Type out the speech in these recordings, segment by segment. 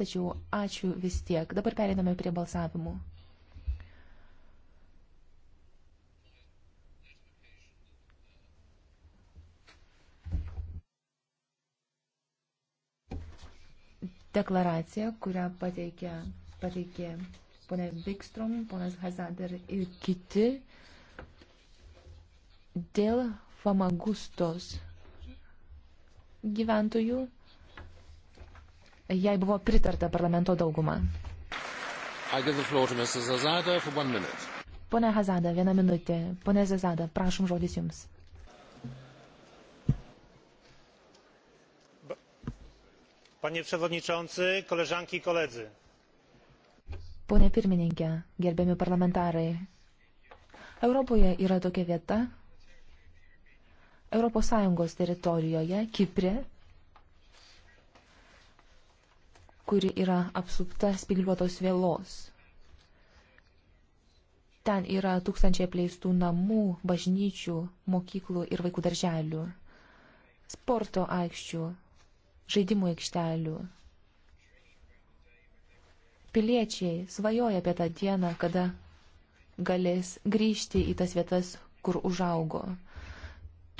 tačiau ačiū vis tiek. Dabar pereiname prie balsavimų. Deklaracija, kurią pateikė, pateikė ponė Vikstrom, ponas Hazader ir kiti dėl Famagustos gyventojų jai buvo pritarta parlamento dauguma. Pone Hazada, vieną minutę. Pone Zazada, prašom žodis jums. Panie przewodniczący, koleżanki i koledzy. Pone pirmininkė, gerbiami parlamentarai, Europoje yra tokia vieta, Europos Sąjungos teritorijoje, Kiprė, kuri yra apsupta spigliuotos vėlos. Ten yra tūkstančiai apleistų namų, bažnyčių, mokyklų ir vaikų darželių, sporto aikščių, žaidimų aikštelių. Piliečiai svajoja apie tą dieną, kada galės grįžti į tas vietas, kur užaugo.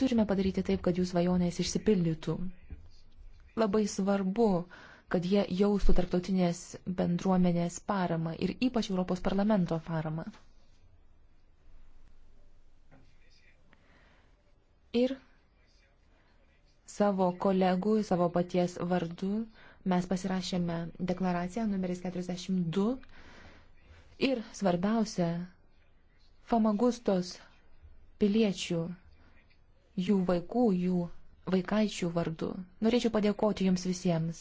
Turime padaryti taip, kad jų svajonės išsipildytų. Labai svarbu, kad jie jaustų tarptautinės bendruomenės paramą ir ypač Europos parlamento paramą. Ir savo kolegų, savo paties vardu mes pasirašėme deklaraciją numeris 42 ir svarbiausia, famagustos piliečių, jų vaikų, jų vaikaičių vardu. Norėčiau padėkoti jums visiems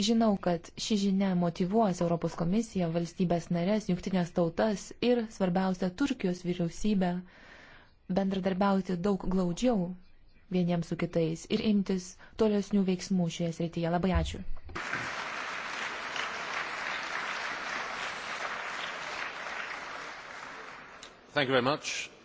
Žinau, kad ši žinia motivuos Europos komisiją, valstybės narės, jungtinės tautas ir, svarbiausia, Turkijos vyriausybę bendradarbiauti daug glaudžiau vieniems su kitais ir imtis tolesnių veiksmų šioje srityje. Labai ačiū. Thank you very much.